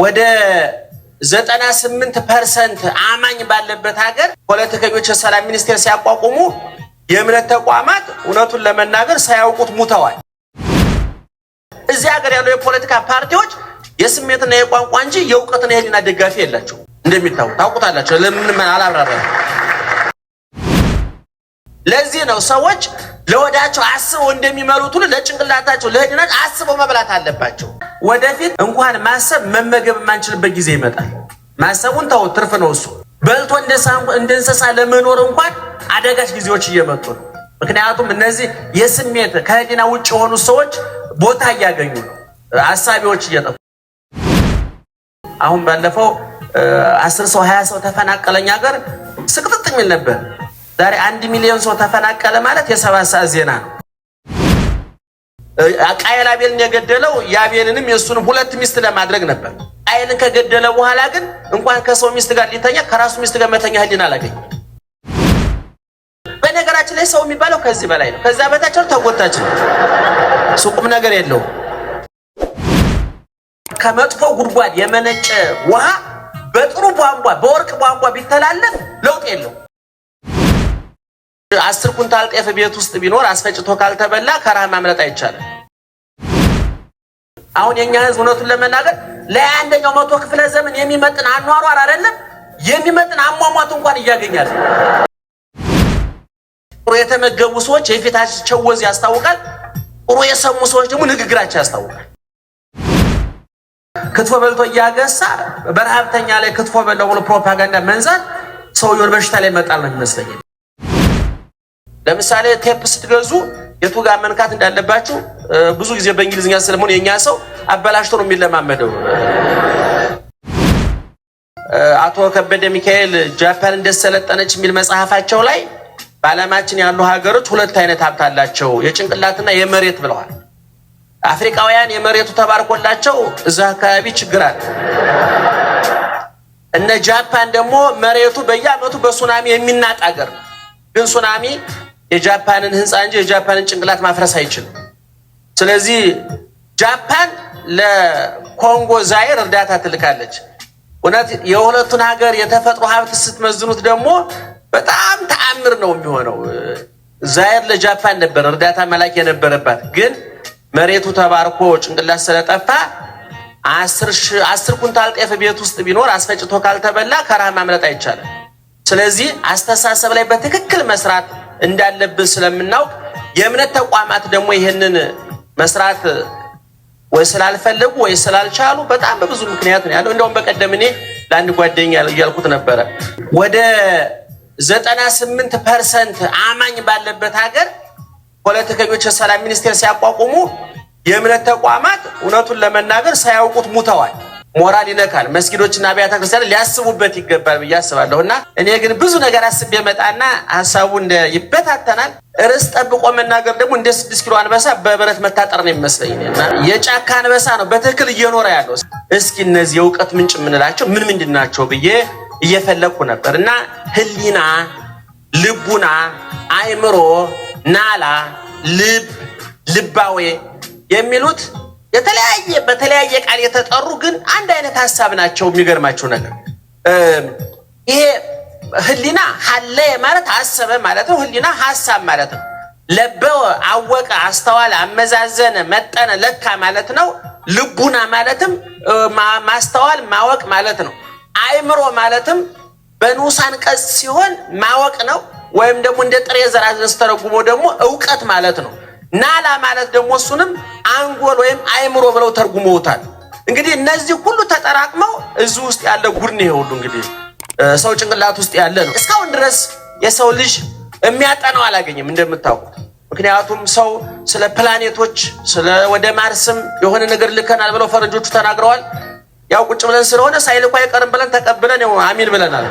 ወደ ዘጠና ስምንት ፐርሰንት አማኝ ባለበት ሀገር ፖለቲከኞች የሰላም ሚኒስቴር ሲያቋቁሙ የእምነት ተቋማት እውነቱን ለመናገር ሳያውቁት ሙተዋል። እዚህ ሀገር ያሉ የፖለቲካ ፓርቲዎች የስሜትና የቋንቋ እንጂ የእውቀትና የህሊና ደጋፊ የላቸው እንደሚታወቅ ታውቁታላቸው። ለምን አላብራራ ለዚህ ነው ሰዎች ለወዳቸው አስበው እንደሚመሩት ሁሉ ለጭንቅላታቸው ለህድናቸው አስበው መብላት አለባቸው። ወደፊት እንኳን ማሰብ መመገብ የማንችልበት ጊዜ ይመጣል። ማሰቡን ተው፣ ትርፍ ነው እሱ። በልቶ እንደ እንስሳ ለመኖር እንኳን አደጋች ጊዜዎች እየመጡ ነው። ምክንያቱም እነዚህ የስሜት ከህሊና ውጭ የሆኑ ሰዎች ቦታ እያገኙ ነው። አሳቢዎች እየጠፉ አሁን ባለፈው አስር ሰው ሀያ ሰው ተፈናቀለኝ ሀገር ስቅጥጥ የሚል ነበር ዛሬ አንድ ሚሊዮን ሰው ተፈናቀለ ማለት የሰባት ሰዓት ዜና ነው። ቃየል አቤልን የገደለው የአቤልንም የእሱንም ሁለት ሚስት ለማድረግ ነበር። ቃየልን ከገደለ በኋላ ግን እንኳን ከሰው ሚስት ጋር ሊተኛ ከራሱ ሚስት ጋር መተኛ ህሊና አላገኝ። በነገራችን ላይ ሰው የሚባለው ከዚህ በላይ ነው። ከዛ በታቸው ተጎታች ነው። ሱቁም ነገር የለው። ከመጥፎ ጉድጓድ የመነጨ ውሃ በጥሩ ቧንቧ፣ በወርቅ ቧንቧ ቢተላለፍ ለውጥ የለው አስር ኩንታል ጤፍ ቤት ውስጥ ቢኖር አስፈጭቶ ካልተበላ ከረሃብ ማምለጥ አይቻልም። አሁን የኛ ህዝብ እውነቱን ለመናገር ለአንደኛው መቶ ክፍለ ዘመን የሚመጥን አኗሯር አይደለም የሚመጥን አሟሟት እንኳን እያገኛል። ጥሩ የተመገቡ ሰዎች የፊታቸው ወዝ ያስታውቃል። ጥሩ የሰሙ ሰዎች ደግሞ ንግግራቸው ያስታውቃል። ክትፎ በልቶ እያገሳ በረሃብተኛ ላይ ክትፎ በለው ብሎ ፕሮፓጋንዳ መንዛት ሰውየውን በሽታ ላይ መጣል ነው የሚመስለኝ። ለምሳሌ ቴፕ ስትገዙ የቱ ጋር መንካት እንዳለባችሁ ብዙ ጊዜ በእንግሊዝኛ ስለሆነ የኛ ሰው አበላሽቶ ነው የሚለማመደው። አቶ ከበደ ሚካኤል ጃፓን እንደሰለጠነች የሚል መጽሐፋቸው ላይ በዓለማችን ያሉ ሀገሮች ሁለት አይነት ሀብት አላቸው፣ የጭንቅላትና የመሬት ብለዋል። አፍሪካውያን የመሬቱ ተባርኮላቸው እዛ አካባቢ ችግር አለ። እነ ጃፓን ደግሞ መሬቱ በየዓመቱ በሱናሚ የሚናጥ ሀገር ነው። ግን ሱናሚ የጃፓንን ህንፃ እንጂ የጃፓንን ጭንቅላት ማፍረስ አይችልም። ስለዚህ ጃፓን ለኮንጎ ዛይር እርዳታ ትልካለች። እውነት የሁለቱን ሀገር የተፈጥሮ ሀብት ስትመዝኑት ደግሞ በጣም ተአምር ነው የሚሆነው። ዛይር ለጃፓን ነበር እርዳታ መላክ የነበረባት፣ ግን መሬቱ ተባርኮ ጭንቅላት ስለጠፋ አስር ኩንታል ጤፍ ቤት ውስጥ ቢኖር አስፈጭቶ ካልተበላ ከረሃብ ማምለጥ አይቻልም። ስለዚህ አስተሳሰብ ላይ በትክክል መስራት እንዳለብን ስለምናውቅ የእምነት ተቋማት ደግሞ ይህንን መስራት ወይ ስላልፈለጉ ወይ ስላልቻሉ በጣም በብዙ ምክንያት ነው ያለው። እንደውም በቀደም እኔ ለአንድ ጓደኛ እያልኩት ነበረ ወደ ዘጠና ስምንት ፐርሰንት አማኝ ባለበት ሀገር ፖለቲከኞች የሰላም ሚኒስቴር ሲያቋቁሙ የእምነት ተቋማት እውነቱን ለመናገር ሳያውቁት ሙተዋል። ሞራል ይነካል። መስጊዶችና አብያተ ክርስቲያን ሊያስቡበት ይገባል ብዬ አስባለሁ። እና እኔ ግን ብዙ ነገር አስቤ መጣና ሀሳቡ ይበታተናል። ርዕስ ጠብቆ መናገር ደግሞ እንደ ስድስት ኪሎ አንበሳ በብረት መታጠር ነው የሚመስለኝ። የጫካ አንበሳ ነው በትክክል እየኖረ ያለው። እስኪ እነዚህ የእውቀት ምንጭ የምንላቸው ምን ምንድን ናቸው ብዬ እየፈለግኩ ነበር እና ህሊና፣ ልቡና፣ አይምሮ፣ ናላ፣ ልብ፣ ልባዌ የሚሉት የተለያየ በተለያየ ቃል የተጠሩ ግን አንድ አይነት ሀሳብ ናቸው። የሚገርማቸው ነገር ይሄ ህሊና ሀለየ ማለት አሰበ ማለት ነው። ህሊና ሀሳብ ማለት ነው። ለበወ አወቀ፣ አስተዋለ፣ አመዛዘነ፣ መጠነ፣ ለካ ማለት ነው። ልቡና ማለትም ማስተዋል ማወቅ ማለት ነው። አእምሮ ማለትም በንዑስ አንቀጽ ሲሆን ማወቅ ነው። ወይም ደግሞ እንደ ጥሬ ዘር ስተረጉሞ ደግሞ እውቀት ማለት ነው። ናላ ማለት ደግሞ እሱንም አንጎል ወይም አይምሮ ብለው ተርጉመውታል። እንግዲህ እነዚህ ሁሉ ተጠራቅመው እዚህ ውስጥ ያለ ጉድ ነው። ሁሉ እንግዲህ ሰው ጭንቅላት ውስጥ ያለ ነው። እስካሁን ድረስ የሰው ልጅ የሚያጠነው አላገኘም እንደምታውቁት። ምክንያቱም ሰው ስለ ፕላኔቶች ስለ ወደ ማርስም የሆነ ነገር ልከናል ብለው ፈረንጆቹ ተናግረዋል። ያው ቁጭ ብለን ስለሆነ ሳይልኩ አይቀርም ብለን ተቀብለን አሚን ብለናል።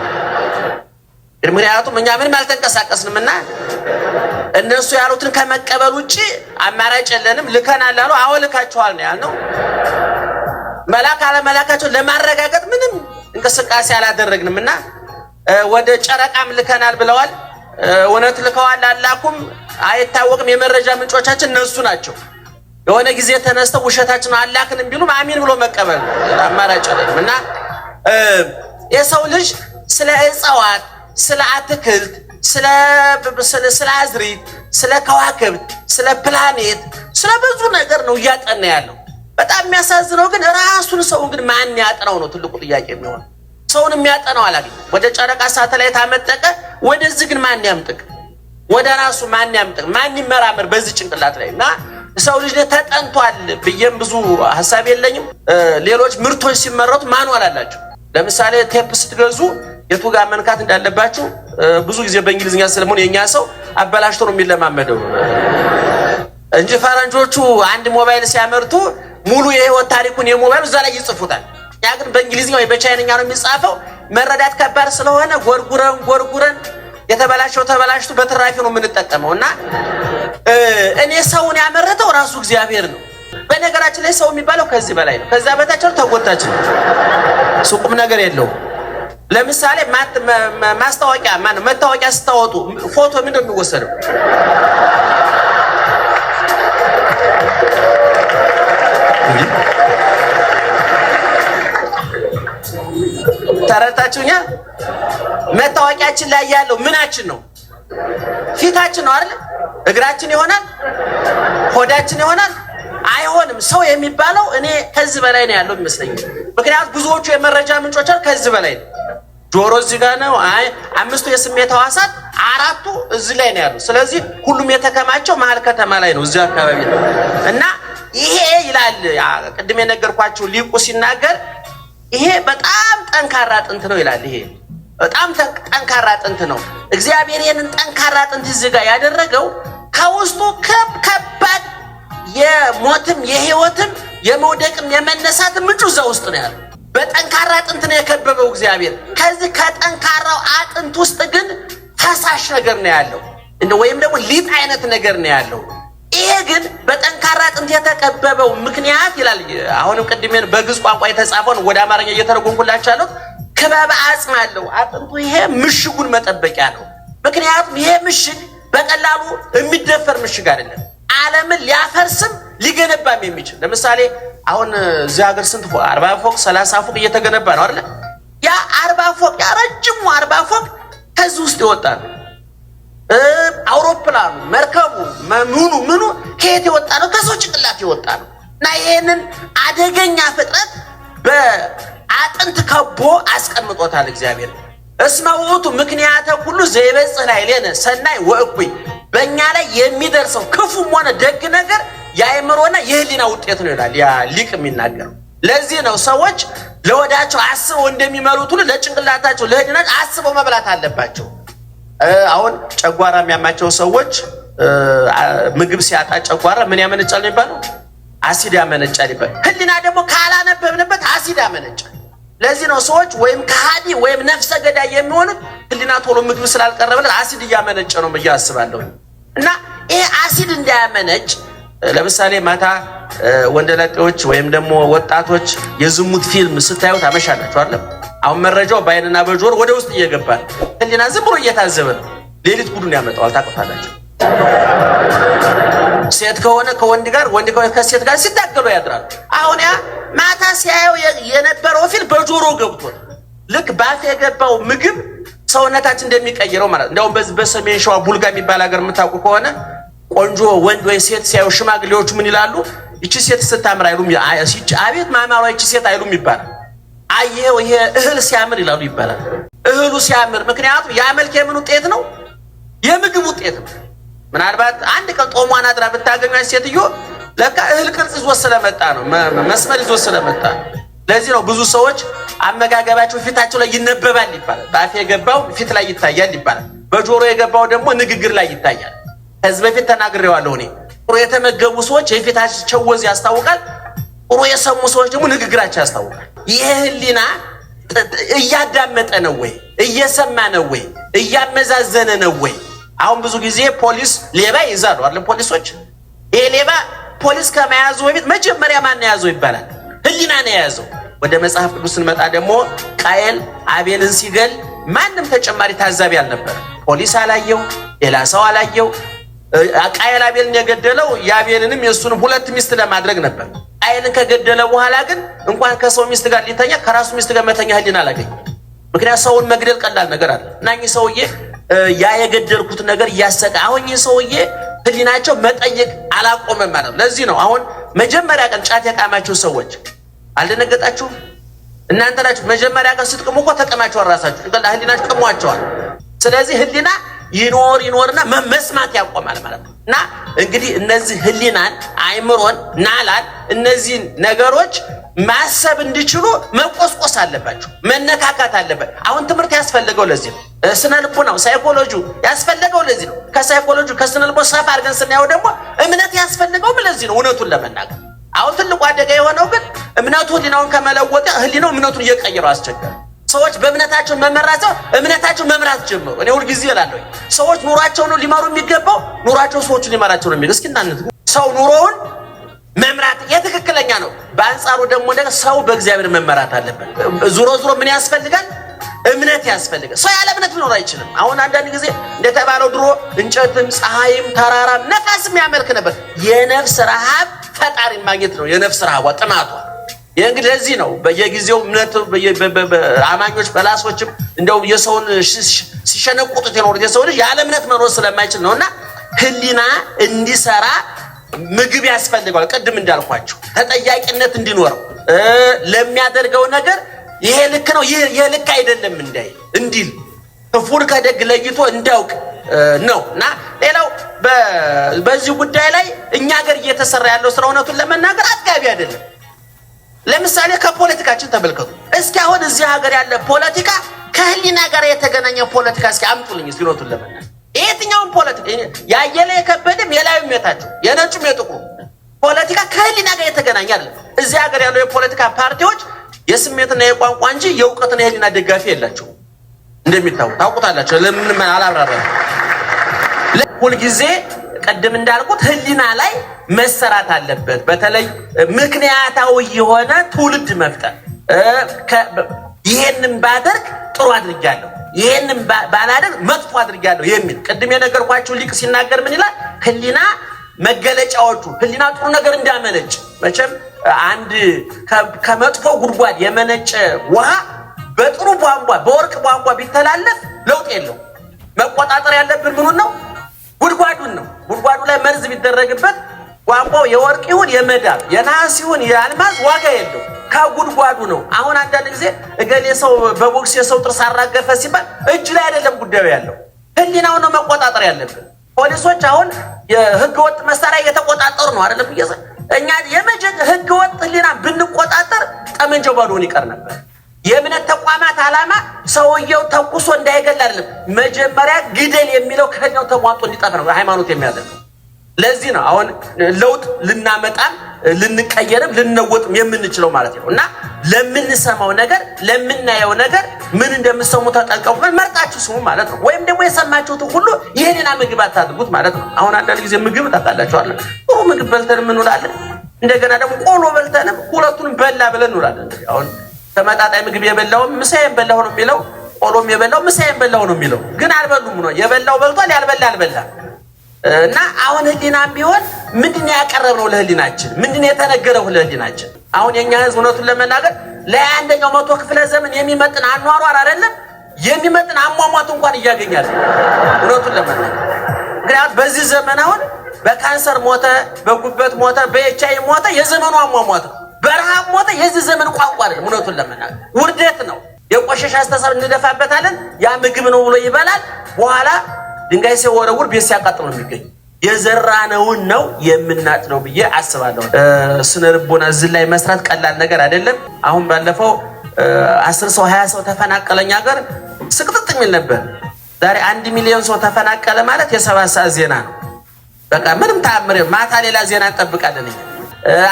ምክንያቱም እኛ ምንም አልተንቀሳቀስንም እና እነሱ ያሉትን ከመቀበል ውጭ አማራጭ የለንም። ልከናል አሉ። አዎ ልካችኋል ነው ያልነው። መላክ አለመላካቸው ለማረጋገጥ ምንም እንቅስቃሴ አላደረግንም እና ወደ ጨረቃም ልከናል ብለዋል። እውነት ልከዋል አላኩም አይታወቅም። የመረጃ ምንጮቻችን እነሱ ናቸው። የሆነ ጊዜ ተነስተው ውሸታችን አላክንም ቢሉም አሚን ብሎ መቀበል አማራጭ የለንም እና የሰው ልጅ ስለ እጽዋት ስለ አትክልት ስለ አዝሪት፣ ስለ ከዋክብት፣ ስለ ፕላኔት፣ ስለ ብዙ ነገር ነው እያጠና ያለው። በጣም የሚያሳዝነው ግን ራሱን ሰውን ግን ማን ያጠናው ነው ትልቁ ጥያቄ የሚሆነው። ሰውን የሚያጠናው አላገኘም። ወደ ጨረቃ ሳተላይት አመጠቀ። ወደዚህ ግን ማን ያምጥቅ? ወደ ራሱ ማን ያምጥቅ? ማን ይመራመር በዚህ ጭንቅላት ላይ እና ሰው ልጅ ተጠንቷል ብዬም ብዙ ሀሳብ የለኝም። ሌሎች ምርቶች ሲመረቱ ማንዋል አላቸው። ለምሳሌ ቴፕ ስትገዙ የቱ ጋር መንካት እንዳለባችሁ ብዙ ጊዜ በእንግሊዝኛ ስለመሆን የኛ ሰው አበላሽቶ ነው የሚለማመደው እንጂ ፈረንጆቹ አንድ ሞባይል ሲያመርቱ ሙሉ የህይወት ታሪኩን የሞባይሉ እዛ ላይ ይጽፉታል። ያ ግን በእንግሊዝኛ ወይ በቻይንኛ ነው የሚጻፈው። መረዳት ከባድ ስለሆነ ጎርጉረን ጎርጉረን የተበላሸው ተበላሽቶ በትራፊ ነው የምንጠቀመው እና እኔ ሰውን ያመረተው ራሱ እግዚአብሔር ነው። በነገራችን ላይ ሰው የሚባለው ከዚህ በላይ ነው። ከዛ በታች ተጎታችን ሱቁም ነገር የለውም። ለምሳሌ ማስታወቂያ ማነው መታወቂያ ስታወጡ ፎቶ ምን ነው ተረታችሁኛ? መታወቂያችን ላይ ያለው ምናችን ነው? ፊታችን ነው አይደል? እግራችን ይሆናል? ሆዳችን ይሆናል? አይሆንም። ሰው የሚባለው እኔ ከዚህ በላይ ነው ያለው ይመስለኛል። ምክንያቱም ብዙዎቹ የመረጃ ምንጮች ከዚህ በላይ ነው። ጆሮ እዚህ ጋር ነው። አይ አምስቱ የስሜት ህዋሳት አራቱ እዚህ ላይ ነው ያሉት። ስለዚህ ሁሉም የተከማቸው መሀል ከተማ ላይ ነው፣ እዚህ አካባቢ ነው እና ይሄ ይላል ቅድም የነገርኳቸው ሊቁ ሲናገር ይሄ በጣም ጠንካራ ጥንት ነው ይላል። ይሄ በጣም ጠንካራ ጥንት ነው። እግዚአብሔር ይህንን ጠንካራ ጥንት እዚህ ጋር ያደረገው ከውስጡ ከብ ከባድ የሞትም የህይወትም የመውደቅም የመነሳትም ምንጩ እዛ ውስጥ ነው ያለው። በጠንካራ አጥንት ነው የከበበው እግዚአብሔር። ከዚህ ከጠንካራው አጥንት ውስጥ ግን ፈሳሽ ነገር ነው ያለው እንደ ወይም ደግሞ ሊጥ አይነት ነገር ነው ያለው። ይሄ ግን በጠንካራ አጥንት የተከበበው ምክንያት ይላል። አሁንም ቅድሜ በግዕዝ ቋንቋ የተጻፈውን ወደ አማርኛ እየተረጎምኩላችሁ ያለው አጽም አለው አጥንቱ። ይሄ ምሽጉን መጠበቂያ ነው። ምክንያቱም ይሄ ምሽግ በቀላሉ የሚደፈር ምሽግ አይደለም። ዓለምን ሊያፈርስም ሊገነባም የሚችል ለምሳሌ አሁን እዚህ ሀገር ስንት ፎቅ አርባ ፎቅ ሰላሳ ፎቅ እየተገነባ ነው አይደለ? ያ አርባ ፎቅ ያ ረጅሙ አርባ ፎቅ ከዚህ ውስጥ የወጣ ነው። አውሮፕላኑ፣ መርከቡ፣ ምኑ ምኑ ከየት የወጣ ነው? ከሰው ጭንቅላት የወጣ ነው እና ይህንን አደገኛ ፍጥረት በአጥንት ከቦ አስቀምጦታል እግዚአብሔር። እስመ ውእቱ ምክንያተ ሁሉ ዘይበጽህ ላይ ሌነ ሰናይ ወእኩይ፣ በእኛ ላይ የሚደርሰው ክፉም ሆነ ደግ ነገር የአእምሮና የህሊና ውጤት ነው ይላል ያ ሊቅ የሚናገረው። ለዚህ ነው ሰዎች ለወዳቸው አስበው እንደሚመሉት ሁሉ ለጭንቅላታቸው ለህሊና አስበው መብላት አለባቸው። አሁን ጨጓራ የሚያማቸው ሰዎች ምግብ ሲያጣ ጨጓራ ምን ያመነጫል ነው የሚባለው? አሲድ ያመነጫል ይባል። ህሊና ደግሞ ካላነበብንበት አሲድ ያመነጫል። ለዚህ ነው ሰዎች ወይም ከሃዲ ወይም ነፍሰ ገዳይ የሚሆኑት ህሊና ቶሎ ምግብ ስላልቀረበለት አሲድ እያመነጨ ነው ብዬ አስባለሁ። እና ይሄ አሲድ እንዳያመነጭ ለምሳሌ ማታ ወንደላጤዎች ወይም ደግሞ ወጣቶች የዝሙት ፊልም ስታዩ ታመሻላችሁ አይደለም? አሁን መረጃው በአይንና በጆሮ ወደ ውስጥ እየገባ ነው። ህሊና ዝም ብሎ እየታዘበ ነው። ሌሊት ጉዱን ያመጣዋል። ታውቁታላችሁ። ሴት ከሆነ ከወንድ ጋር፣ ወንድ ከሆነ ከሴት ጋር ሲታገሉ ያድራሉ። አሁን ያ ማታ ሲያየው የነበረው ፊልም በጆሮ ገብቷል። ልክ ባፍ የገባው ምግብ ሰውነታችን እንደሚቀይረው ማለት ነው። እንዲያውም በሰሜን ሸዋ ቡልጋ የሚባል ሀገር የምታውቁ ከሆነ ቆንጆ ወንድ ወይ ሴት ሲያዩ ሽማግሌዎቹ ምን ይላሉ? ይቺ ሴት ስታምር አይሉም። አቤት ማማሯ ይቺ ሴት አይሉም ይባላል። አየ ይሄ እህል ሲያምር ይላሉ ይባላል። እህሉ ሲያምር፣ ምክንያቱም ያ መልክ የምን ውጤት ነው? የምግብ ውጤት ነው። ምናልባት አንድ ቀን ጦሟን አድራ ብታገኟት ሴትዮ ለካ እህል ቅርጽ ይዞ ስለመጣ ነው፣ መስመር ይዞ ስለመጣ ነው። ለዚህ ነው ብዙ ሰዎች አመጋገባቸው ፊታቸው ላይ ይነበባል ይባላል። በአፍ የገባው ፊት ላይ ይታያል ይባላል። በጆሮ የገባው ደግሞ ንግግር ላይ ይታያል። ከዚህ በፊት ተናግሬዋለሁ። እኔ ጥሩ የተመገቡ ሰዎች የፊታቸው ወዝ ያስታውቃል። ጥሩ የሰሙ ሰዎች ደግሞ ንግግራቸው ያስታውቃል። ይህ ህሊና እያዳመጠ ነው ወይ? እየሰማ ነው ወይ? እያመዛዘነ ነው ወይ? አሁን ብዙ ጊዜ ፖሊስ ሌባ ይይዛሉ አለ ፖሊሶች ይሄ ሌባ ፖሊስ ከመያዙ በፊት መጀመሪያ ማን የያዘው ይባላል? ህሊና ነው የያዘው። ወደ መጽሐፍ ቅዱስ ስንመጣ ደግሞ ቃየል አቤልን ሲገል ማንም ተጨማሪ ታዛቢ አልነበረ። ፖሊስ አላየው፣ ሌላ ሰው አላየው፣ ቃየል አቤልን የገደለው የአቤልንም የእሱን ሁለት ሚስት ለማድረግ ነበር። ቃየልን ከገደለ በኋላ ግን እንኳን ከሰው ሚስት ጋር ሊተኛ ከራሱ ሚስት ጋር መተኛ ህሊና አላገኝ። ምክንያት ሰውን መግደል ቀላል ነገር አለ እና እኚህ ሰውዬ ያ የገደልኩት ነገር እያሰቀ አሁን ይህ ሰውዬ ህሊናቸው መጠየቅ አላቆመም ማለት ለዚህ ነው አሁን መጀመሪያ ቀን ጫት የቃማችሁ ሰዎች አልደነገጣችሁም? እናንተ ናችሁ መጀመሪያ ቀን ስትቅሙ እኮ ተቀማችኋል። ራሳችሁ ህሊናችሁ ቅሟቸዋል። ስለዚህ ህሊና ይኖር ይኖርና መስማት ያቆማል ማለት ነው። እና እንግዲህ እነዚህ ህሊናን፣ አይምሮን፣ ናላን እነዚህን ነገሮች ማሰብ እንዲችሉ መቆስቆስ አለባቸው፣ መነካካት አለበት። አሁን ትምህርት ያስፈልገው ለዚህ ነው። ስነ ልቦናው ሳይኮሎጂ ያስፈልገው ለዚህ ነው። ከሳይኮሎጂ ከስነ ልቦ ሰፋ አድርገን ስናየው ደግሞ እምነት ያስፈልገው ለዚህ ነው። እውነቱን ለመናገር አሁን ትልቁ አደጋ የሆነው ግን እምነቱ ህሊናውን ከመለወጠ ህሊናው እምነቱን እየቀየረው አስቸገረ። ሰዎች በእምነታቸው መመራቸው እምነታቸው መምራት ጀምሩ እኔ ሁልጊዜ እላለሁ ሰዎች ኑሯቸው ነው ሊመሩ የሚገባው ኑሯቸው ሰዎች ሊመራቸው ነው የሚለው። እስኪ ሰው ኑሮውን መምራት የትክክለኛ ነው። በአንጻሩ ደግሞ ሰው በእግዚአብሔር መመራት አለበት። ዙሮ ዙሮ ምን ያስፈልጋል? እምነት ያስፈልጋል። ሰው ያለ እምነት ሊኖር አይችልም። አሁን አንዳንድ ጊዜ እንደተባለው ድሮ እንጨትም ፀሐይም ተራራም ነፋስም ያመልክ ነበር። የነፍስ ረሃብ ፈጣሪ ማግኘት ነው የነፍስ ረሃቧ ጥማቷ ይህ ለዚህ ነው በየጊዜው እምነት አማኞች በላሶችም እንደው የሰውን ሲሸነቁጡት የኖሩት የሰው ልጅ ያለ እምነት መኖር ስለማይችል ነው እና ህሊና እንዲሰራ ምግብ ያስፈልገዋል። ቅድም እንዳልኳቸው ተጠያቂነት እንዲኖረው ለሚያደርገው ነገር ይሄ ልክ ነው፣ ይሄ ልክ አይደለም እንዳይ እንዲል ክፉን ከደግ ለይቶ እንዳያውቅ ነው እና ሌላው በዚህ ጉዳይ ላይ እኛ ሀገር እየተሰራ ያለው ስለ እውነቱን ለመናገር አጥጋቢ አይደለም። ለምሳሌ ከፖለቲካችን ተመልከቱ እስኪ። አሁን እዚህ ሀገር ያለ ፖለቲካ ከህሊና ጋር የተገናኘ ፖለቲካ እስኪ አምጡልኝ። ሲሮቱን ለመና የትኛውን ፖለቲካ ያየለ የከበድም የላዩም የታቸው የነጩም የጥቁሩ ፖለቲካ ከህሊና ጋር የተገናኘ አለ። እዚህ ሀገር ያለው የፖለቲካ ፓርቲዎች የስሜትና የቋንቋ እንጂ የእውቀትና የህሊና ደጋፊ የላቸው። እንደሚታወቅ ታውቁታላቸው። ለምን አላብራራ ሁልጊዜ ቅድም እንዳልኩት ህሊና ላይ መሰራት አለበት። በተለይ ምክንያታዊ የሆነ ትውልድ መፍጠር ይሄንን ባደርግ ጥሩ አድርጊያለሁ፣ ይሄንን ባላደርግ መጥፎ አድርጊያለሁ የሚል ቅድም የነገርኳችሁ ሊቅ ሲናገር ምን ይላል? ህሊና መገለጫዎቹ ህሊና ጥሩ ነገር እንዳመነጭ መቼም አንድ ከመጥፎ ጉድጓድ የመነጨ ውሃ በጥሩ ቧንቧ በወርቅ ቧንቧ ቢተላለፍ ለውጥ የለው። መቆጣጠር ያለብን ምኑን ነው? ጉድጓዱን ነው። ጉድጓዱ ላይ መርዝ ቢደረግበት ቋንቋው የወርቅ ይሁን የመዳብ የነሐስ ይሁን የአልማዝ ዋጋ የለው ከጉድጓዱ ነው። አሁን አንዳንድ ጊዜ እገሌ ሰው በቦክስ የሰው ጥርስ አራገፈ ሲባል እጅ ላይ አይደለም ጉዳዩ ያለው፣ ህሊናው ነው መቆጣጠር ያለብን። ፖሊሶች አሁን የህገወጥ መሳሪያ እየተቆጣጠሩ ነው አይደለም? እኛ የመጀ ወጥ ህሊና ብንቆጣጠር ጠመንጃው ባዶን ይቀር ነበር። የእምነት ተቋማት ዓላማ ሰውየው ተኩሶ እንዳይገል አይደለም። መጀመሪያ ግደል የሚለው ከኛው ተሟጦ እንዲጠፍ ነው ሃይማኖት የሚያደርገው። ለዚህ ነው አሁን ለውጥ ልናመጣም ልንቀየርም ልንነወጥም የምንችለው ማለት ነው። እና ለምንሰማው ነገር ለምናየው ነገር ምን እንደምሰሙ ተጠንቀቁ፣ መርጣችሁ ስሙ ማለት ነው። ወይም ደግሞ የሰማችሁት ሁሉ ይህንና ምግብ አታድርጉት ማለት ነው። አሁን አንዳንድ ጊዜ ምግብ ታጣላችኋለን። ጥሩ ምግብ በልተን እንውላለን። እንደገና ደግሞ ቆሎ በልተንም ሁለቱንም በላ ብለን እንውላለን። አሁን ተመጣጣኝ ምግብ የበላው ምሳዬን በላሁ ነው የሚለው። ቆሎም የበላው ምሳዬን በላሁ ነው የሚለው። ግን አልበሉም ነው የበላው በልቷል፣ ያልበላ አልበላ እና አሁን ህሊናም ቢሆን ምንድን ነው ያቀረብነው ለህሊናችን? ምንድን የተነገረው ለህሊናችን? አሁን የኛ ህዝብ እውነቱን ለመናገር ለአንደኛው መቶ ክፍለ ዘመን የሚመጥን አኗኗር አይደለም የሚመጥን አሟሟት እንኳን እያገኛል። እውነቱን ለመናገር ምክንያቱ በዚህ ዘመን አሁን በካንሰር ሞተ፣ በጉበት ሞተ፣ በኤች አይ ሞተ የዘመኑ አሟሟት ነው። በረሃብ ሞተ የዚህ ዘመን ቋንቋ አይደለም። እውነቱን ለመናገር ውርደት ነው። የቆሸሽ አስተሳሰብ እንደፋበታለን። ያ ምግብ ነው ብሎ ይበላል። በኋላ ድንጋይ ሲወረውር ቤት ሲያቃጥል ነው የሚገኝ። የዘራነውን ነው ነው ብዬ አስባለሁ። ስነ ልቦና እዚህ ላይ መስራት ቀላል ነገር አይደለም። አሁን ባለፈው አስር ሰው ሀያ ሰው ተፈናቀለኝ ሀገር ስቅጥጥ የሚል ነበር። ዛሬ አንድ ሚሊዮን ሰው ተፈናቀለ ማለት የሰባት ሰዓት ዜና ነው። በቃ ምንም ተአምር ማታ ሌላ ዜና እንጠብቃለን።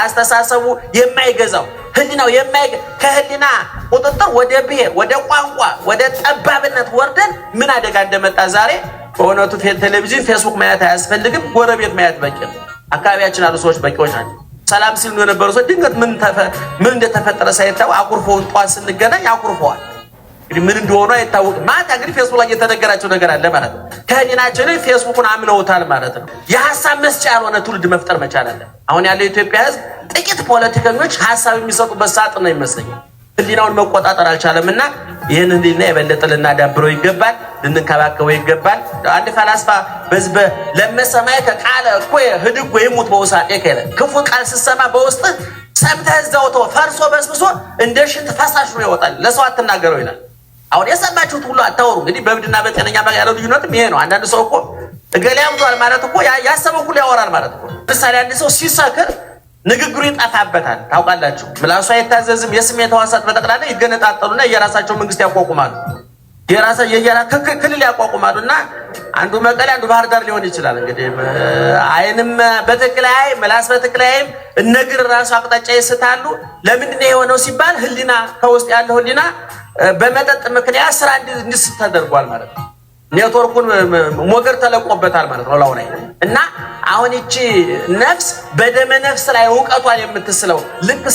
አስተሳሰቡ የማይገዛው ህሊናው የማይገ ከህሊና ቁጥጥር ወደ ብሔር፣ ወደ ቋንቋ፣ ወደ ጠባብነት ወርደን ምን አደጋ እንደመጣ ዛሬ በእውነቱ ቴሌቪዥን፣ ፌስቡክ ማየት አያስፈልግም። ጎረቤት ማየት በቂ ነው። አካባቢያችን አሉ ሰዎች በቂዎች ናቸው። ሰላም ሲሉ የነበሩ ሰዎች ድንገት ምን እንደተፈጠረ ሳይታው አኩርፈውን ጠዋት ስንገናኝ አኩርፈዋል። እንግዲህ ምን እንደሆኑ አይታወቅም። ማታ እንግዲህ ፌስቡክ ላይ የተነገራቸው ነገር አለ ማለት ነው። ከህሊናችን ፌስቡኩን አምነውታል ማለት ነው። የሀሳብ መስጫ ያልሆነ ትውልድ መፍጠር መቻል አለ። አሁን ያለው የኢትዮጵያ ህዝብ ጥቂት ፖለቲከኞች ሀሳብ የሚሰጡበት ሳጥን ነው ይመስለኛል። ህሊናውን መቆጣጠር አልቻለም እና ይህን ህሊና የበለጠ ልናዳብረው ይገባል፣ ልንንከባከበው ይገባል። አንድ ፈላስፋ በዝበ ለመሰማይ ከቃለ እኮ ህድግ ይሙት በውሳጤ ከለ ክፉ ቃል ስትሰማ በውስጥ ሰምተህ እዛው ፈርሶ በስብሶ እንደ ሽንት ፈሳሽ ነው ይወጣል፣ ለሰው አትናገረው ይላል። አሁን የሰማችሁት ሁሉ አታወሩ። እንግዲህ በእብድና በጤነኛ መካከል ያለው ልዩነትም ይሄ ነው። አንዳንድ ሰው እኮ እገሌ አብዷል ማለት እኮ ያሰበው ሁሉ ያወራል ማለት እኮ። ምሳሌ አንድ ሰው ሲሰክር ንግግሩ ይጠፋበታል። ታውቃላችሁ፣ ምላሱ አይታዘዝም። የስሜት ሕዋሳት በጠቅላላ ይገነጣጠሉና የራሳቸው መንግስት ያቋቁማሉ። የራሳ የየራ ክልል ያቋቁማሉ እና አንዱ መቀሌ አንዱ ባህር ዳር ሊሆን ይችላል። እንግዲህ አይንም በትክክል አይ መላስ እነግር ራሱ አቅጣጫ ይስታሉ። ለምንድን ነው የሆነው ሲባል ህሊና ከውስጥ ያለው ህሊና በመጠጥ ምክንያት ስራ እንዲስ ተደርጓል ማለት ነው። ኔትወርኩን ሞገድ ተለቆበታል ማለት ነው ላው እና አሁን ይቺ ነፍስ በደመ ነፍስ ላይ እውቀቷን የምትስለው ልክ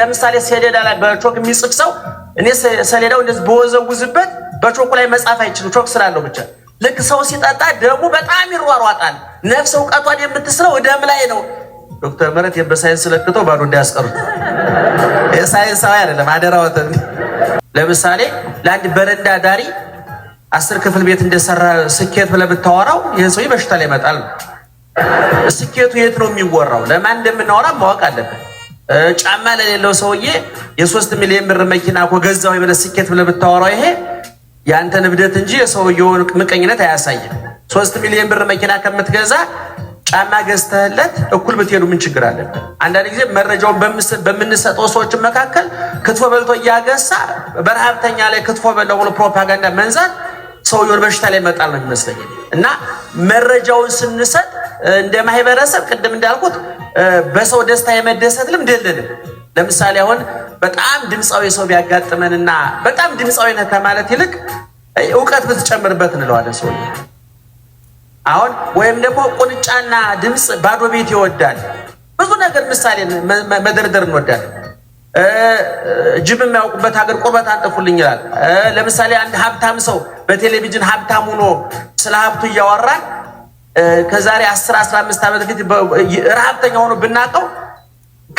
ለምሳሌ ሰሌዳ ላይ በቾክ የሚጽፍ ሰው እኔ ሰሌዳው እንደዚህ በወዘውዝበት በቾኩ ላይ መጻፍ አይችልም፣ ቾክ ስላለው ብቻ። ልክ ሰው ሲጠጣ ደሙ በጣም ይሯሯጣል። ነፍስ እውቀቷን የምትስለው ደም ላይ ነው። ዶክተር ምህረት በሳይንስ ለክተው ባዶ እንዳያስቀሩት። የሳይንሳዊ አይደለም አደራወት። ለምሳሌ ለአንድ በረንዳ ዳሪ አስር ክፍል ቤት እንደሰራ ስኬት ብለህ ብታወራው ይህ ሰው በሽታ ላይ ይመጣል። ስኬቱ የት ነው የሚወራው? ለማን እንደምናወራ ማወቅ አለበት። ጫማ ለሌለው ሰውዬ የሶስት ሚሊዮን ብር መኪና እኮ ገዛው የበለ ስኬት ብለህ ብታወራው ይሄ የአንተን እብደት እንጂ የሰውየውን ምቀኝነት አያሳይም። ሶስት ሚሊዮን ብር መኪና ከምትገዛ ጫማ ገዝተህለት እኩል ብትሄዱ ምን ችግር አለብህ? አንዳንድ ጊዜ መረጃውን በምንሰጠው ሰዎች መካከል ክትፎ በልቶ እያገሳ በረሃብተኛ ላይ ክትፎ በለው ብሎ ፕሮፓጋንዳ መንዛት ሰውየውን በሽታ ላይ መጣል ነው የሚመስለኝ እና መረጃውን ስንሰጥ እንደ ማህበረሰብ ቅድም እንዳልኩት በሰው ደስታ የመደሰት ልምድ የለንም። ለምሳሌ አሁን በጣም ድምፃዊ ሰው ቢያጋጥመንና በጣም ድምፃዊ ነህ ከማለት ይልቅ እውቀት ብትጨምርበት እንለዋለን ሰው አሁን ወይም ደግሞ ቁንጫና ድምፅ ባዶ ቤት ይወዳል። ብዙ ነገር ምሳሌ መደርደር እንወዳለን። ጅብ የሚያውቁበት ሀገር ቁርበት አንጥፉልኝ ይላል። ለምሳሌ አንድ ሀብታም ሰው በቴሌቪዥን ሀብታም ሆኖ ስለ ሀብቱ እያወራን ከዛሬ 10 15 ዓመት በፊት ረሃብተኛ ሆኖ ብናውቀው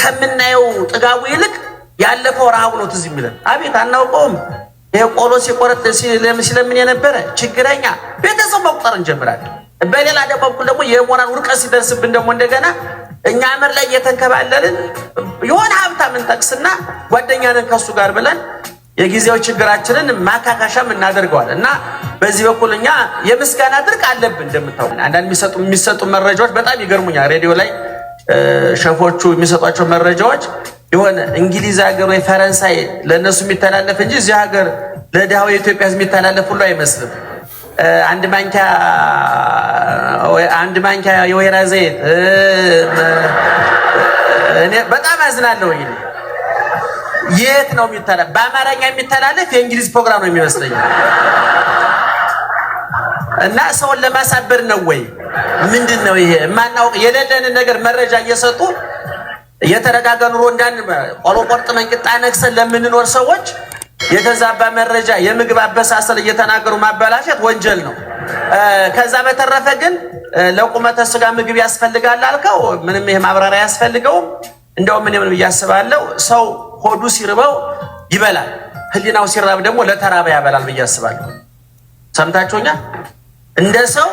ከምናየው ጥጋቡ ይልቅ ያለፈው ረሃቡ ነው ትዝ የሚለን። አቤት አናውቀውም። ቆሎ ሲቆረጥ ሲለምን የነበረ ችግረኛ ቤተሰብ መቁጠር እንጀምራለን። በሌላ በኩል ደግሞ የሞራን ውድቀት ሲደርስብን ደግሞ እንደገና እኛ አመር ላይ እየተንከባለልን የሆነ ሀብታም እንጠቅስና ጓደኛንን ከሱ ጋር ብለን የጊዜው ችግራችንን ማካካሻም እናደርገዋል እና በዚህ በኩል እኛ የምስጋና ድርቅ አለብን። እንደምታው አንዳንድ የሚሰጡ መረጃዎች በጣም ይገርሙኛል። ሬዲዮ ላይ ሸፎቹ የሚሰጧቸው መረጃዎች የሆነ እንግሊዝ ሀገር ወይ ፈረንሳይ ለእነሱ የሚተላለፍ እንጂ እዚህ ሀገር ለድሃው የኢትዮጵያ ሕዝብ የሚተላለፍ ሁሉ አይመስልም። አንድ ማንኪያ አንድ ማንኪያ የወይራ ዘይት በጣም አዝናለሁ። የት ነው የሚተላለፍ? በአማርኛ የሚተላለፍ የእንግሊዝ ፕሮግራም ነው የሚመስለኝ። እና ሰውን ለማሳበር ነው ወይ ምንድን ነው ይሄ? የማናውቅ የሌለንን ነገር መረጃ እየሰጡ የተረጋጋ ኑሮ እንዳን ቆሎ ቆርጥ መንቅጣ ነግሰን ለምንኖር ሰዎች የተዛባ መረጃ፣ የምግብ አበሳሰል እየተናገሩ ማበላሸት ወንጀል ነው። ከዛ በተረፈ ግን ለቁመተ ስጋ ምግብ ያስፈልጋል አልከው፣ ምንም ይሄ ማብራሪያ አያስፈልገውም። እንደውም እኔ ምን ብዬ ሰው ሆዱ ሲርበው ይበላል፣ ህሊናው ሲራብ ደግሞ ለተራበ ያበላል ብዬ አስባለሁ። ሰምታችሁኛል? እንደ ሰው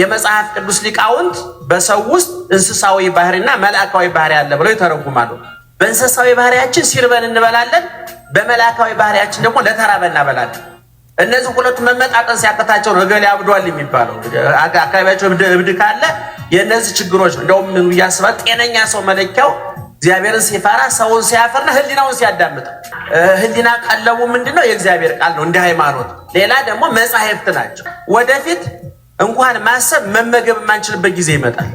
የመጽሐፍ ቅዱስ ሊቃውንት በሰው ውስጥ እንስሳዊ ባህሪና መልአካዊ ባህሪ አለ ብለው ይተረጉማሉ። በእንስሳዊ ባህሪያችን ሲርበን እንበላለን፣ በመልአካዊ ባህሪያችን ደግሞ ለተራበ እናበላለን። እነዚህ ሁለቱ መመጣጠን ሲያቀታቸው ነው እገሌ አብዷል የሚባለው። አካባቢያቸው እብድ ካለ የእነዚህ ችግሮች እንደውም እያስባል ጤነኛ ሰው መለኪያው እግዚአብሔርን ሲፈራ ሰውን ሲያፈርና ህሊናውን ሲያዳምጥ። ህሊና ቀለቡ ምንድነው? የእግዚአብሔር ቃል ነው እንደ ሃይማኖት። ሌላ ደግሞ መጻሕፍት ናቸው። ወደፊት እንኳን ማሰብ መመገብ የማንችልበት ጊዜ ይመጣል።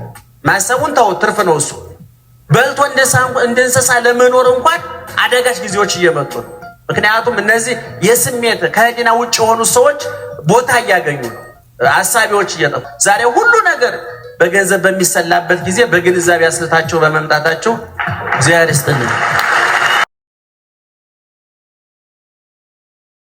ማሰቡን ተው፣ ትርፍ ነው እሱ። በልቶ እንደ እንስሳ ለመኖር እንኳን አደጋች ጊዜዎች እየመጡ ነው። ምክንያቱም እነዚህ የስሜት ከህሊና ውጭ የሆኑ ሰዎች ቦታ እያገኙ ነው። አሳቢዎች እየጠፉ ዛሬ ሁሉ ነገር በገንዘብ በሚሰላበት ጊዜ በግንዛቤ አስልታቸው በመምጣታቸው እግዚአብሔር ይስጥልኝ።